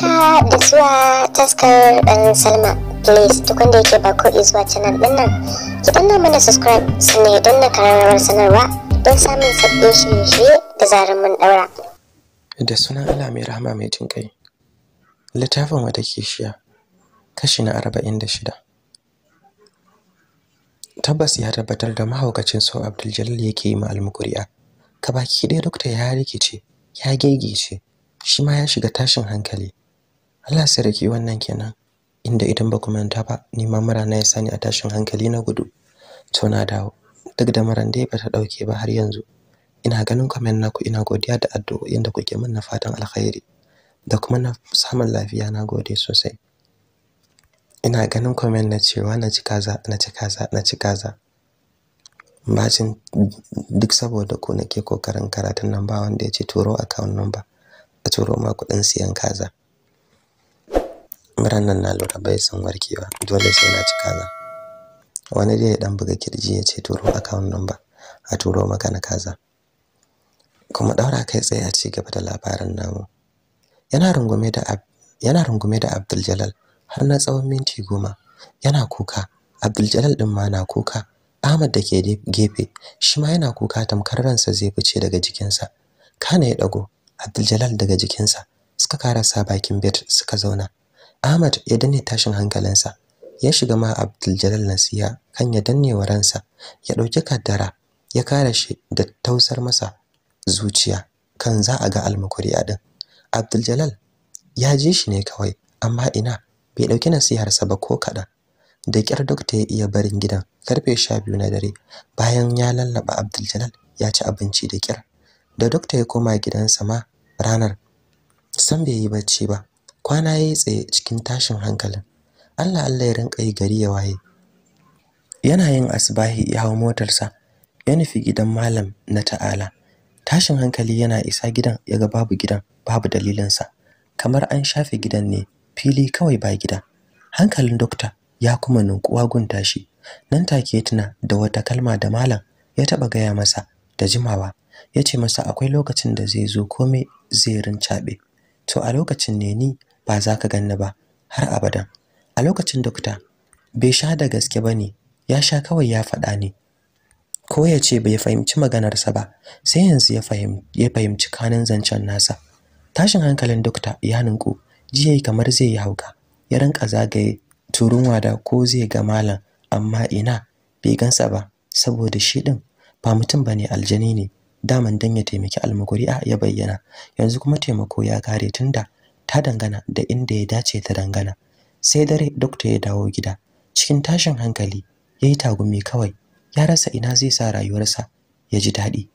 haka da zuwa taskar dan salma please duk wanda yake ba ko zuwa canal din nan ki danna mana subscribe sannan ya danna karamar sanarwa don samun sabbin shirye-shirye da zarar mun daura da sunan Allah mai rahama mai jin kai littafin wa take shiya kashi na arba'in da shida. tabbas ya tabbatar da mahaukacin so Abdul yake yi ma almukuri'a kabaki ɗaya dokta ya rikice ya gegece shi ma ya shiga tashin hankali Allah sarki wannan kenan inda idan ba ku manta ba ni ma mura na ya sani a tashin hankali na gudu to na dawo duk da maran dai ba ta dauke ba har yanzu ina ganin comment naku ina godiya da addu'o'in da kuke min na fatan alkhairi da kuma na samun lafiya na gode sosai ina ganin comment na cewa na ci kaza na ci kaza na ci kaza Majin duk saboda ku nake kokarin karatun nan wanda ya ce turo account number a turo ma kuɗin siyan kaza muran nan na lura bai san warkewa dole sai na cika kaza wani dai ya dan buga kirji ya ce turo account number a turo maka na kaza kuma daura kai tsaye a ci gaba da labarin namu yana rungume da yana rungume da Abdul Jalal har na tsawon minti goma yana kuka Abdul Jalal din ma na kuka Ahmad da ke gefe shi ma yana kuka tamkar ransa zai fice daga jikinsa kana ya dago Abdul Jalal daga jikinsa suka karasa bakin bed suka zauna Ahmad ya danne tashin hankalinsa ya shiga ma Abdul nasiya kan ya danne wa ransa ya dauki kaddara ya kare shi da tausar masa zuciya kan za a ga almukuri a din Abdul ya ji shi ne kawai amma ina bai dauki nasiharsa ba ko kaɗan. da kyar dokta ya iya barin gidan karfe 12 na dare bayan ya lallaba Abdul ya ci abinci da kyar da dokta ya koma gidansa ma ranar san bai yi bacci ba kwana yayi tsaye cikin tashin hankalin Allah Allah ya rinka yi gari ya waye yana yin asbahi ya hau motarsa ya nufi gidan malam na ta'ala tashin hankali yana isa gidan ya ga babu gidan babu dalilinsa kamar an shafe gidan ne fili kawai ba gida hankalin dokta ya kuma nunkuwa gunta shi nan take ya tuna da wata kalma da malam ya taɓa gaya masa da jimawa ya ce masa akwai lokacin da zai zo komai zai rin caɓe? to a lokacin ne ni ba za ka ganni ba har abadan a lokacin dokta bai sha da gaske ba ne ya sha kawai ya faɗa ne ko ya ce bai fahimci maganarsa ba sai yanzu ya fahimci kanin zancen nasa tashin hankalin dokta ya ninku jiya kamar zai yi hauka ya rinka zagaye turun wada ko zai ga malam amma ina bai gansa ba saboda shi din ba mutum bane aljani ne daman dan ya taimaki a ya bayyana yanzu kuma taimako ya kare tunda ta dangana da inda ya dace ta dangana sai dare dokta ya dawo gida cikin tashin hankali ya yi tagumi kawai ya rasa ina zai sa rayuwarsa ya ji daɗi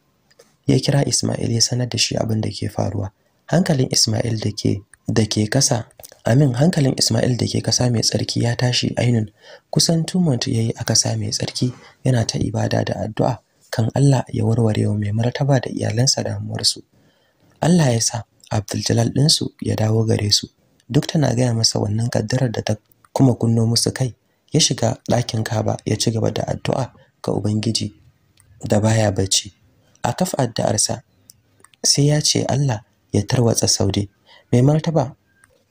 ya kira Ismail ya sanar da shi abin da ke faruwa hankalin Ismail da ke da ke kasa amin hankalin Ismail da ke kasa mai tsarki ya tashi ainun kusan tumont yayi a kasa mai tsarki yana ta ibada da addu'a kan Allah ya warware wa mai martaba da iyalansa damuwarsu Allah ya sa Abdul ɗinsu ya dawo gare su duk tana gaya masa wannan kaddarar da ta kuma kunno musu kai ya shiga ɗakin Kaba ya ci gaba da addu'a ga Ubangiji da baya bacci a kaf addu'arsa sai ya ce Allah ya tarwatsa Saude mai martaba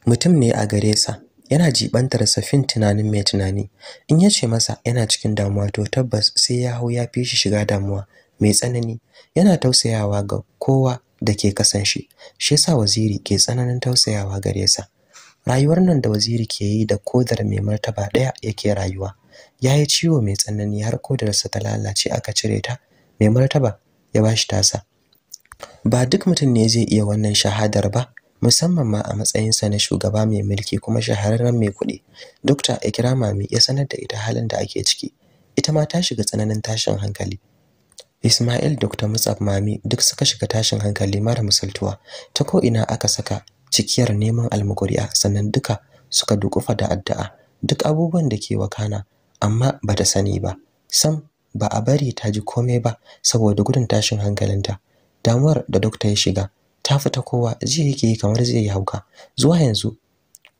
mutum ne a gare sa yana jibantar safin tunanin mai tunani in ya ce masa yana cikin damuwa to tabbas sai ya hau ya fi shi shiga damuwa mai tsanani yana tausayawa ga kowa da ke kasan shi shi yasa waziri ke tsananin tausayawa gare sa rayuwar nan da waziri ke yi da kodar mai martaba daya yake rayuwa ya yi ciwo mai tsanani har kodarsa ta lalace aka cire ta mai martaba ya bashi tasa ba duk mutum ne zai iya wannan shahadar ba musamman ma a matsayinsa na shugaba mai mulki kuma shahararren mai kuɗi dokta ikrama mai ya sanar da ita halin da ake ciki ita ma ta shiga tsananin tashin hankali Ismail Dr. musab Mami duk suka shiga tashin hankali mara misaltuwa ta ko ina aka saka cikiyar neman almuguri'a sannan duka suka dukufa da addu'a duk abubuwan da ke wakana amma ba ta sani ba sam ba a bari ta ji komai ba saboda gudun tashin hankalinta damuwar da dokta ya shiga ta fita kowa ji yake kamar zai yi hauka zuwa yanzu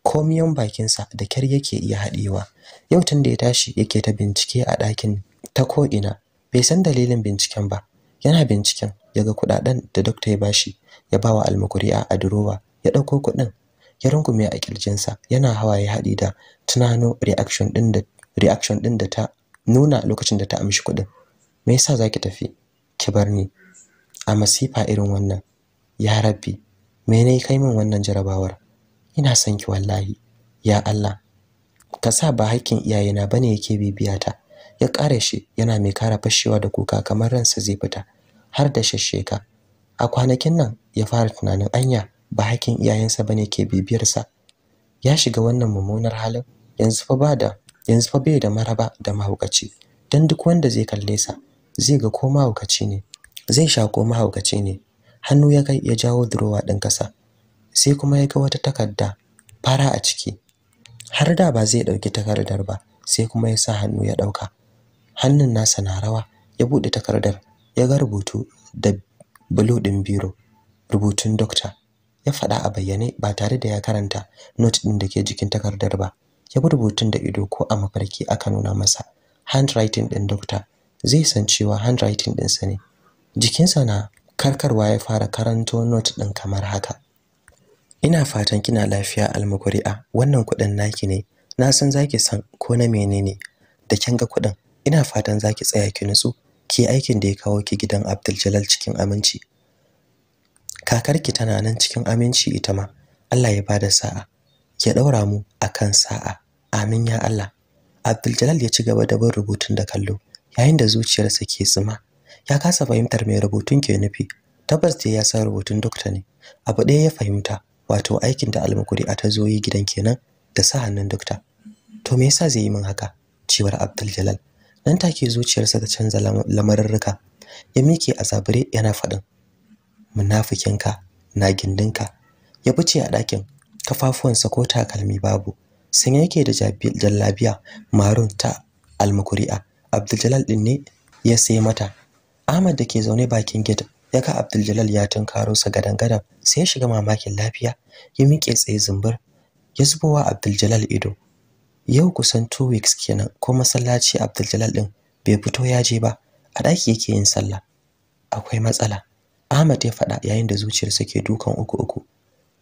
komiyon bakinsa da kyar yake iya haɗewa yau tun da ya tashi yake ta bincike a ɗakin ta ko'ina bai san dalilin binciken ba yana binciken ya ga kudaden da dokta ya bashi ya bawa almakuri'a a durowa ya ɗauko kuɗin, ya rungume a kirjinsa yana hawaye haɗi da tunano reaction din da ta nuna lokacin da ta amshi kuɗin. me yasa zaki tafi ki bar ni a masifa irin wannan ya rabbi me ne kai min wannan jarabawar ina son ki wallahi ya Allah ka sa ba hakkin iyayena bane yake ta. ya ƙare shi yana mai kara fashewa da kuka kamar ransa zai fita har da shasheka a kwanakin nan ya fara tunanin anya ba hakin iyayensa bane ke bibiyarsa ya shiga wannan mummunar halin yanzu fa bada yanzu fa bai da maraba da mahaukaci dan duk wanda zai kalle sa zai ga ko mahaukaci ne zai sha ko mahaukaci ne hannu ya kai ya jawo durowa din kasa sai kuma ya ga wata takarda fara a ciki har da ba zai dauki takardar ba sai kuma ya sa hannu ya dauka hannun nasa na rawa ya buɗe takardar ya ga rubutu da bulo ɗin biro rubutun dokta ya faɗa a bayyane ba tare da ya karanta not ɗin da ke jikin takardar ba ya bi rubutun da ido ko a mafarki aka nuna masa handwriting ɗin dokta zai san cewa handwriting ɗinsa ne jikinsa na karkarwa ya fara karanto not ɗin kamar haka ina fatan kina lafiya almukuri'a wannan kuɗin naki ne na san zaki san ko na menene da kin ga kuɗin ina fatan za ki tsaya ki nutsu ki aikin da ya kawo ki gidan Abdul Jalal cikin aminci kakarki tana nan cikin aminci ita ma Allah ya bada sa'a ya daura mu akan sa'a amin ya Allah Abdul Jalal ya ci gaba da bin rubutun da kallo yayin da zuciyarsa ke zuma. ya kasa fahimtar mai rubutun ke nufi tabbas da ya san rubutun dokta ne abu ɗaya ya fahimta wato aikin da almakuri a ta zo yi gidan kenan da sa hannun dokta to me yasa zai yi min haka cewar Abdul Jalal nan take zuciyarsa ta canza lamarurruka ya mike a zabure yana faɗin munafikinka na gindinka ya fice a ɗakin kafafuwansa ko takalmi babu sun yake da jallabiya marun ta almukuri'a abdul din ne ya sai mata ahmad da ke zaune bakin gida ya ga abdul ya tunkaro sa gadan-gadan sai ya shiga mamakin lafiya ya miƙe tsaye zumbur ya zubowa abdul ido yau kusan 2 weeks kenan ko masallaci Abdul din bai fito ya je ba a daki yake yin sallah akwai matsala Ahmad ya faɗa yayin da zuciyar sa ke dukan uku uku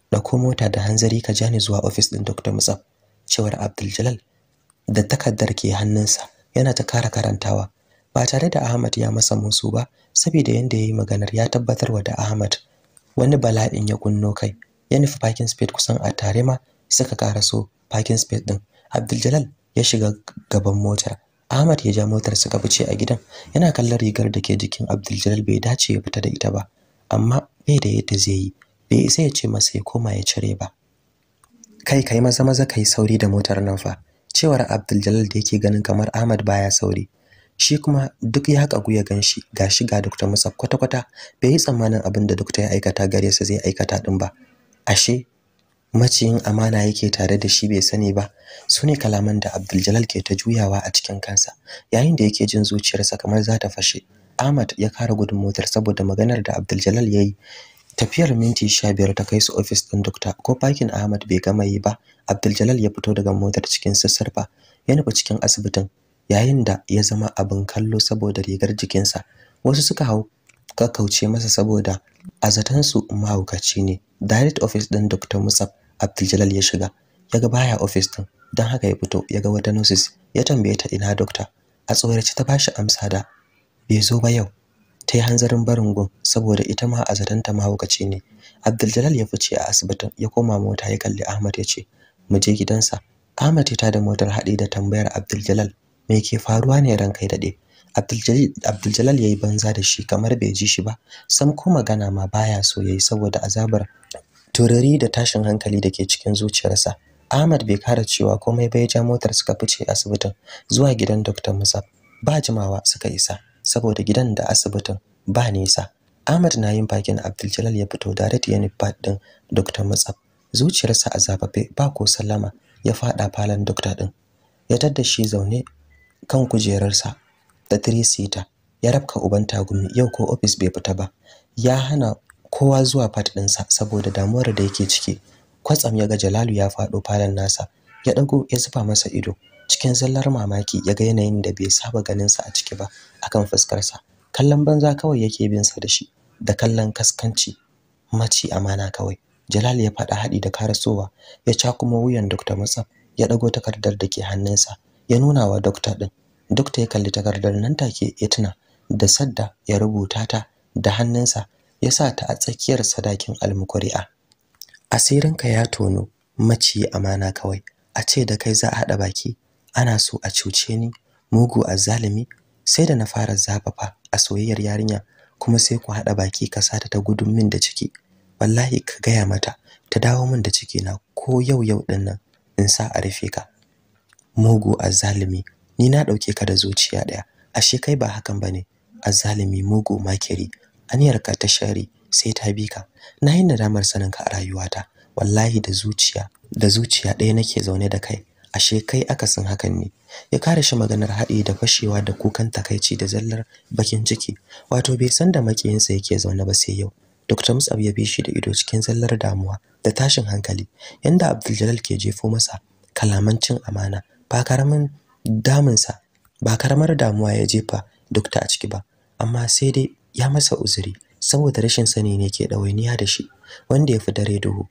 dauko mota da hanzari ka jani zuwa office din Dr. Musab cewar Abdul da takaddar ke hannunsa yana ta kara karantawa ba tare da Ahmad ya masa musu ba saboda yanda yayi maganar ya tabbatarwa da Ahmad wani bala'in ya kunno kai ya nufi parking space kusan a tare ma suka karaso parking space din Abdul ya shiga gaban motar Ahmad ya ja motar suka fice a gidan yana kallon rigar da ke jikin Abdul bai dace ya fita da ita ba amma bai da yadda zai yi bai isa ya ce masa ya koma ya cire ba kai kai maza maza kai sauri da motar nan fa cewar Abdul da yake ganin kamar Ahmad baya sauri shi kuma duk ya kagu ya ganshi ga shiga Dr. Musa kwata kwata bai yi tsammanin abin da Dr. ya aikata gare sa zai aikata din ba ashe maciyin amana yake tare da shi bai sani ba su ne kalaman da Abdul ke ta juyawa a cikin kansa yayin da yake jin zuciyarsa kamar za ta fashe Ahmad ya kara gudun motar saboda maganar da Abdul Jalal ya yi tafiyar minti sha biyar ta kai su ofis ɗin dokta ko bakin Ahmad bai gama yi ba Abdul Jalal ya fito daga motar cikin sassarfa ya nufi cikin asibitin yayin da ya zama abin kallo saboda rigar jikinsa wasu suka hau kakkauce masa saboda a zatansu mahaukaci ne direct office ɗin Dr. Musab Abdul ya shiga yaga baya office din dan haka ya fito yaga wata nurses ya tambaye ta ina doctor a tsorace ta bashi amsa da bai zo ba yau ta hanzarin barin gun saboda ita ma a ma mahaukaci ne Abdul ya fice a asibitin ya koma mota ya kalli Ahmad ya ce mu je gidansa Ahmad ta da motar haɗi da tambayar Abdul me ke faruwa ne ran kai dade Abdul yayi banza da shi kamar bai ji shi ba sam ko magana ma baya so yayi saboda azabar Turari da tashin hankali da ke cikin zuciyarsa Ahmad bai kara cewa komai bai ja motar suka fice asibitin zuwa gidan Dr. Musa ba jimawa suka isa saboda gidan da asibitin ba nisa Ahmad na yin bakin Abdul ya fito da ya nufa din Dr. Musa zuciyarsa a zafafe ba ko sallama ya fada falon dr din ya tadda shi zaune kan kujerarsa da three seater ya rabka uban tagumi yau ko ofis bai fita ba ya hana kowa zuwa fat ɗinsa saboda damuwar da yake ciki kwatsam ya ga Jalalu ya faɗo falon nasa ya ɗago ya zuba masa ido cikin zallar mamaki ya ga yanayin da bai saba ganinsa a ciki ba akan fuskarsa kallon banza kawai yake bin sa da shi da kallon kaskanci maci amana kawai Jalalu ya faɗa haɗi da karasowa ya ca kuma wuyan Dokta Musab ya ɗago takardar da ke hannunsa ya nuna wa dokta ɗin dokta ya kalli takardar nan take ya tuna da sadda ya rubuta ta da hannunsa ya sa ta a tsakiyar sadakin almukuri'a asirinka ya tono maciyi amana kawai a ce da kai za a haɗa baki ana so a cuce ni mugu a zalimi sai da na fara zafafa a soyayyar yarinya kuma sai ku haɗa baki ka sata ta gudun min da ciki wallahi ka gaya mata ta dawo min da ciki na ko yau yau din nan in sa a rufe ka mugu a zalimi ni na ɗauke ka da zuciya ɗaya ashe kai ba hakan ba ne? A zalimi mugu makiri ka ta shari sai ta bi ka na yi nadamar sanin ka a rayuwata wallahi da zuciya da zuciya ɗaya nake zaune da kai ashe kai akasin hakan ne ya kare shi maganar haɗi da fashewa da kukan takaici da zallar bakin ciki wato bai san da makiyinsa yake zaune ba sai yau Dr. Musab ya bi shi da ido cikin zallar damuwa da tashin hankali yanda Abdul ke jefo masa kalaman cin amana ba karamin damunsa ba karamar damuwa ya jefa Dokta a ciki ba amma sai dai ya masa uzuri saboda rashin sani ne ke ɗawainiya da shi wanda ya fi dare duhu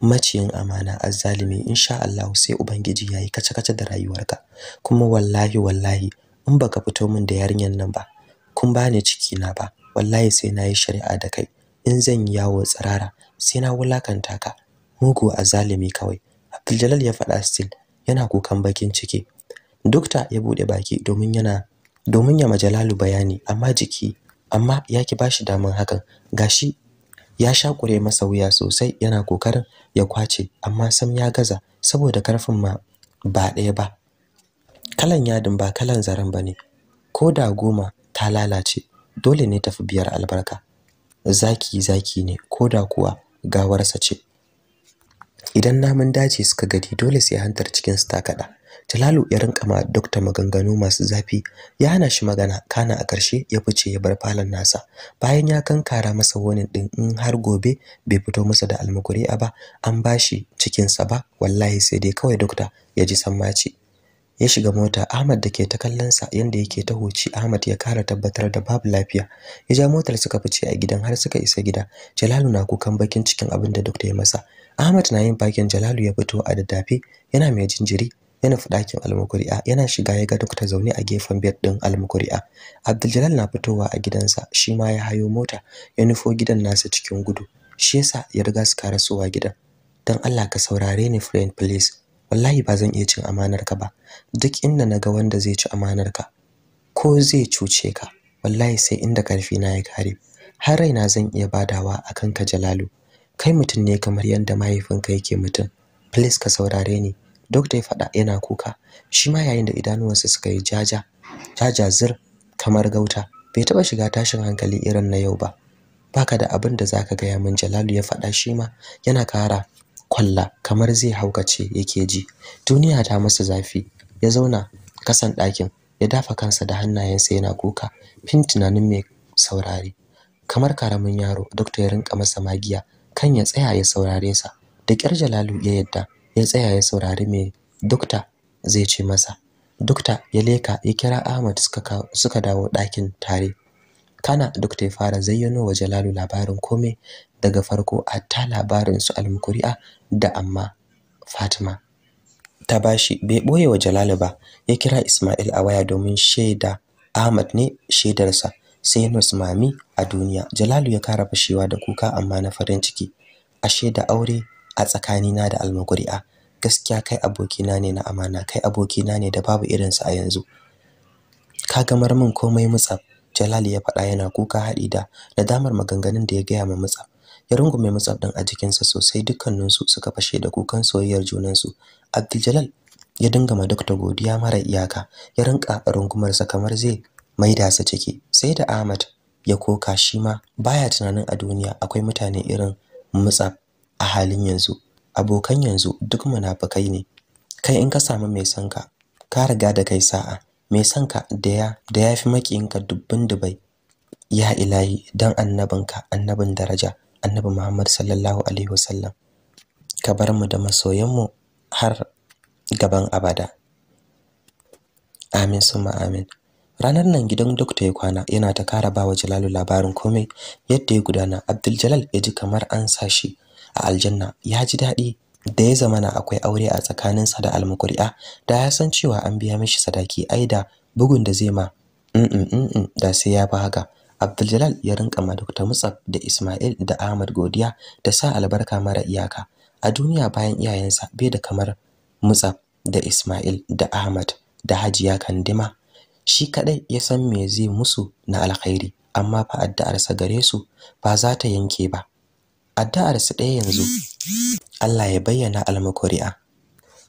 maciyin amana azzalimi insha Allah sai ubangiji yayi kace-kace da rayuwarka kuma wallahi wallahi in baka fito min da yarinyar nan ba kun bani ciki na ba wallahi sai nayi shari'a da kai in zan yawo tsarara, sai na wulakanta ka mugu azzalimi kawai Abdul ya faɗa still yana kukan bakin ciki dokta ya bude baki domin yana domin ya majalalu bayani amma jiki amma ya ki bashi daman hakan gashi ya shakure masa wuya sosai yana kokarin ya kwace amma sam ya gaza saboda karfin ma ba ɗaya ba kalan yadin ba kalan zaren bane ko da goma ta lalace dole ne tafi biyar albarka zaki zaki ne ko da kuwa gawarsa ce idan namun daji suka gadi dole sai hantar cikin su ta kada Jalalu ya rinka ma dr maganganu masu zafi ya hana shi magana kana a ƙarshe ya fice ya bar falon nasa bayan ya kankara masa wani ɗin in har gobe bai fito masa da almukuri'a ba an bashi cikin sa ba wallahi sai dai kawai dokta ya ji sammaci ya shiga mota Ahmad da ke ta kallon sa yanda yake ta hoci Ahmad ya kara tabbatar da babu lafiya ya ja motar suka fice a gidan har suka isa gida Jalalu na kukan bakin cikin abin da dokta ya masa Ahmad na yin bakin Jalalu ya fito a daddafe yana mai jinjiri yana nufi ɗakin almukuri'a yana shiga ya ga dokta zaune a gefen bed ɗin almukuri'a abdul na fitowa a gidansa shi ma ya hayo mota ya nufo gidan nasa cikin gudu shi yasa ya riga suka rasuwa gidan don allah ka saurare ni friend please wallahi ba zan iya cin amanar ka ba duk inda na ga wanda zai ci amanar ka. ko zai cuce ka wallahi sai inda karfi na ya kare har raina zan iya badawa akan ka jalalu kai mutum ne kamar yadda mahaifinka yake mutum please ka saurare ni Dokta ya faɗa yana kuka. Shi ma yayin da idanuwansa suka yi jaja, jajazir kamar gauta. Bai taɓa shiga tashin hankali irin na yau ba. Baka da abin da zaka gaya min Jalalu ya faɗa shi ma yana kara kwalla kamar zai haukace yake ji. Duniya ta masa zafi. Ya zauna kasan ɗakin ya dafa kansa da hannayensa yana kuka fin tunanin mai saurare. Kamar karamin yaro, Dokta ya rinka masa magiya kan ya tsaya ya saurare sa. Da ƙyar Jalalu ya yadda ya tsaya ya saurari me dukta zai ce masa dukta ya leka ya kira Ahmad suka suka dawo ɗakin tare kana dukta ya fara zayyano wa Jalalu labarin komai daga farko a ta labarin su almukuri'a da amma Fatima ta bashi bai boye wa Jalalu ba ya kira Ismail a waya domin shaida Ahmad ne shaidarsa sai Nus Mami a duniya Jalalu ya kara fashewa da kuka amma na farin ciki A shaida aure a tsakanina da almukuri'a. gaskiya kai abokina ne na amana kai abokina ne da babu irinsa a yanzu ka gamar min komai mutsaf Jalal ya faɗa yana kuka haɗi da nadamar maganganun da ya gaya ma mutsaf ya rungume mutsaf ɗin a jikinsa sosai dukkaninsu suka fashe da kukan soyayyar junansu Abdul ya dinga ma Dr. Godiya mara iyaka ya rinka rungumarsa kamar zai maida sa ciki sai da Ahmad ya koka shi ma baya tunanin a duniya akwai mutane irin mutsaf a halin yanzu abokan yanzu duk munafukai ne kai in ka samu mai son ka ka riga da kai sa'a mai son ka da ya da yafi makiyinka dubbin dubai ya ilahi dan annabinka annabin daraja annabi Muhammad sallallahu alaihi wasallam ka bar mu da masoyanmu har gaban abada amin summa amin ranar nan gidan dokta ya kwana yana ta kara bawa Jalalu labarin komai yadda ya gudana Abdul Jalal ya ji kamar an sa shi a aljanna ya ji daɗi da ya zamana akwai aure a tsakaninsa da almukuri'a da ya san cewa an biya mishi sadaki ai da bugun da zai ma mm, mm, mm, da sai ya fi haka Abdul ya rinka ma Dr. da Ismail da Ahmad godiya da sa albarka mara iyaka a duniya bayan iyayensa bai da kamar Mutsaf da Ismail da Ahmad da Hajiya Kandima shi kadai ya san me zai musu na alkhairi amma fa addu'arsa gare su ba za ta yanke ba addu'ar su ɗaya yanzu Allah ya bayyana almakuri'a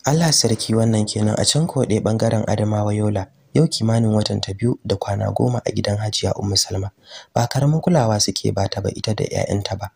Allah sarki wannan kenan a can koɗe ɓangaren Adamawa Yola yau kimanin watan ta biyu da kwana goma a gidan Hajiya Ummu Salma ba karamin kulawa suke bata ba ita da 'ya'yanta ba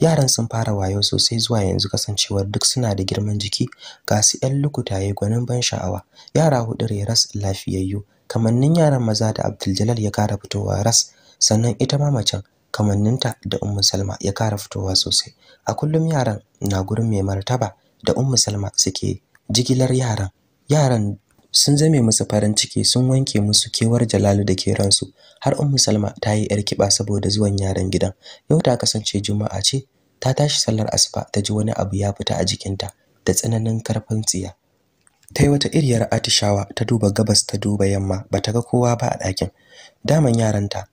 yaran sun fara wayo sosai zuwa yanzu kasancewar duk suna da girman jiki ga su ƴan lukutaye gwanin ban sha'awa yara hudu ras lafiyayyu kamannin yaran maza da Abdul ya kara fitowa ras sannan ita ma macen kamanninta da Ummu Salma ya kara fitowa sosai. A kullum yaran na gurin mai martaba da Ummu Salma suke jigilar yaran. Yaran sun zame musu farin ciki sun wanke musu kewar Jalalu da ke ransu har Ummu Salma ta yi yar kiba saboda zuwan yaran gidan. Yau ta kasance Juma'a ce ta tashi sallar asuba ta ji wani abu ya fita a jikinta da tsananin karfin tsiya. Ta yi wata iriyar atishawa ta duba gabas ta duba yamma ba ta ga kowa ba a ɗakin. Daman yaranta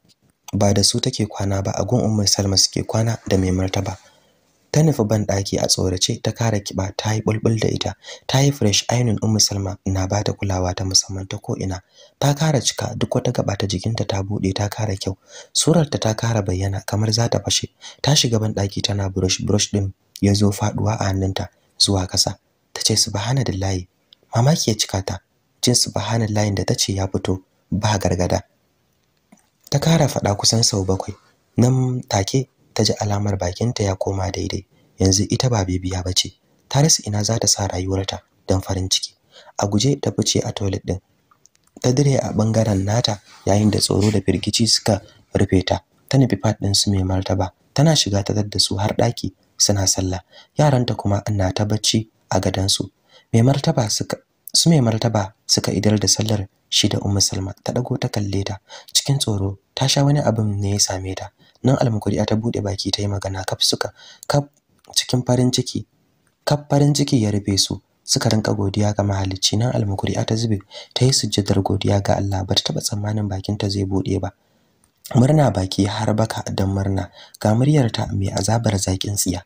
ba da su take kwana ba a gun Ummu Salma suke kwana da mai martaba ta nufi ban daki a tsorace ta kara kiba ta yi bulbul da ita ta yi fresh ainin, Ummu Salma na ba ta kulawa ta musamman ta ko ta kara cika duk wata gaba ta jikinta ta bude ta kara kyau surarta ta kara bayyana kamar za ta fashe ta shiga ban daki tana brush brush din ya zo faduwa a hannunta zuwa kasa tace subhanallahi mamaki ya cika ta jin subhanallahi da ta ce ya fito ba gargada ta kara faɗa kusan sau bakwai nan take ta ji alamar bakinta ya koma daidai yanzu ita ba bibiya ba ce ta rasa ina za ta sa rayuwarta don farin ciki a guje ta fice a toilet ɗin, ta dire a ɓangaren nata yayin da tsoro da firgici suka rufe ta ta nufi fat din su mai martaba tana shiga ta da su har ɗaki, suna sallah yaranta kuma na ta bacci a su, mai martaba suka su mai martaba suka idar da sallar shi da ummu salma ta dago ta kalle ta cikin tsoro ta sha wani abin ne ya same ta nan almukuriya ta bude baki ta yi magana kaf suka kaf cikin farin ciki kaf farin ciki ya rufe su suka rinka godiya ga mahalicci nan almukuriya ta zube ta yi sujjadar godiya ga Allah ba ta taba tsammanin bakin ta zai bude ba murna baki har baka dan murna ga muryar ta mai azabar zakin tsiya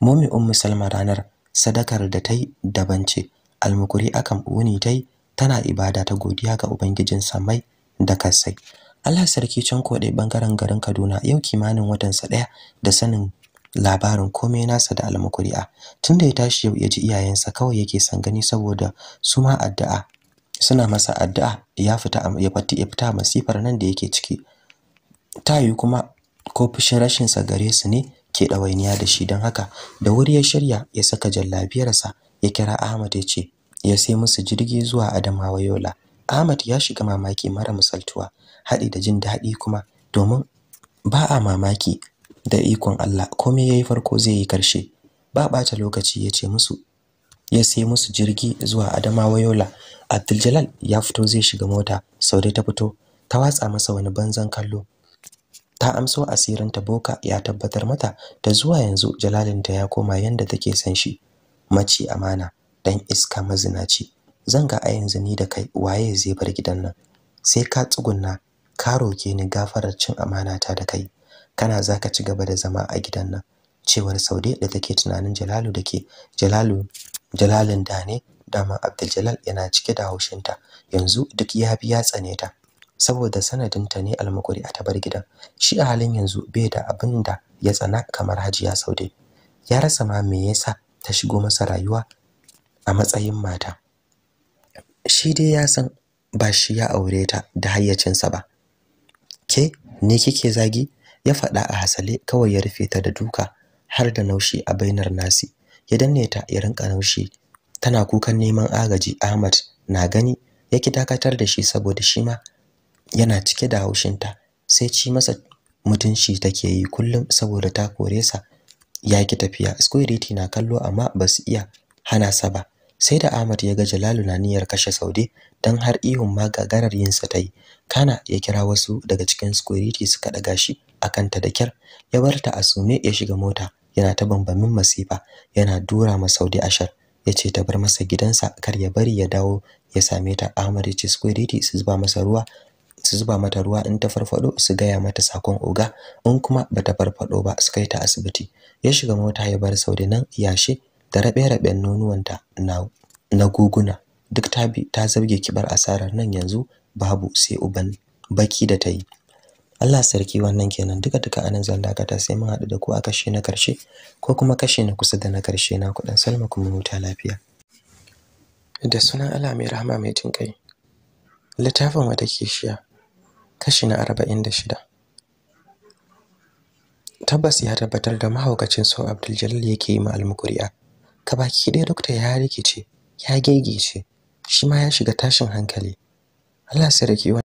Momi Ummu Salma ranar sadakar da ta yi daban ce almukuri akan uni tai tana ibada ta godiya ga ubangijin samai da kasai Allah sarki can dai bangaren garin Kaduna yau kimanin watan sa daya da sanin labarin komai nasa da almukuri'a tunda ya tashi yau ya ji iyayensa kawai yake san gani saboda su ma addu'a suna masa addu'a ya fita ya fati ya fita masifar nan da yake ciki tayi kuma ko fushin rashin sa gare su ne ke ɗawainiya da shi don haka da wuri ya shirya ya saka jallabiyarsa ya kira Ahmad ya ce ya sai musu jirgi zuwa Adamawa Yola. Ahmad ya shiga mamaki mara misaltuwa, haɗi da jin daɗi kuma domin ba a mamaki da ikon Allah komai yayi farko zai yi ƙarshe, Ba ɓata lokaci ya ce musu ya sai musu jirgi zuwa Adamawa Yola. Abdul ya fito zai shiga mota, Saude ta fito ta watsa masa wani banzan kallo. ta amso asirin ta boka ya tabbatar mata da zuwa yanzu jalalinta ya koma yanda take son shi mace amana dan iska mazinaci zan ga a yanzu ni da kai waye zai bar gidan nan sai ka tsugunna ka roke ni gafarar cin amanata da kai kana zaka ci gaba da zama a gidan nan cewar Saude da take tunanin Jalalu dake Jalalu Jalalin da ne dama Abdul yana cike da haushinta yanzu duk ya bi ya tsane ta saboda sanadinta ne almakuri a tabar gidan shi a halin yanzu bai da abin da ya tsana kamar Hajiya Saude ya rasa ma me yasa ta shigo masa rayuwa a matsayin mata shi dai ya san ba shi ya aure ta da hayyacinsa ba ke ne kike zagi ya faɗa a hasale kawai ya rufe ta da duka har da naushi a bainar nasi ya danne ta ya rinka naushi tana kukan neman agaji Ahmad na gani ya ki dakatar da shi saboda shi ma yana cike da haushinta sai ci masa mutunci take yi kullum saboda ta kore sa ya ki tafiya security na kallo amma ba su iya hana sa ba sai da Ahmad ya ga Jalalu na niyyar kashe Saude dan har ihun ma gagarar yin sa tai kana ya kira wasu daga cikin security suka daga shi akan ta da kyar ya bar ta a sume ya shiga mota yana ta bambamin masifa yana dura ma Saude ashar ce ta bar masa gidansa kar ya bari ya dawo ya same ta Ahmad yace security su zuba masa ruwa su zuba mata ruwa in ta farfado su gaya mata sakon oga in kuma bata farfado ba su kai ta asibiti ya shiga mota ya bar saudi nan yashe da rabe-raben nonuwanta na na guguna duk ta bi ta zabge kibar asarar nan yanzu babu sai uban baki da ta yi Allah sarki wannan kenan duka duka anan zan dakata sai mun haɗu da ku a kashe na karshe ko kuma kashe na kusa da na karshe na kuɗin salma kuma huta lafiya da sunan Allah mai rahama mai jin kai littafin wata kishiya kashi na shida. tabbas ya tabbatar da mahaukacin so Abdul Jalil yake yi ma Kabaki ɗaya dokta ya rikice, ya gegice, shi ma ya shiga tashin hankali. Allah sarki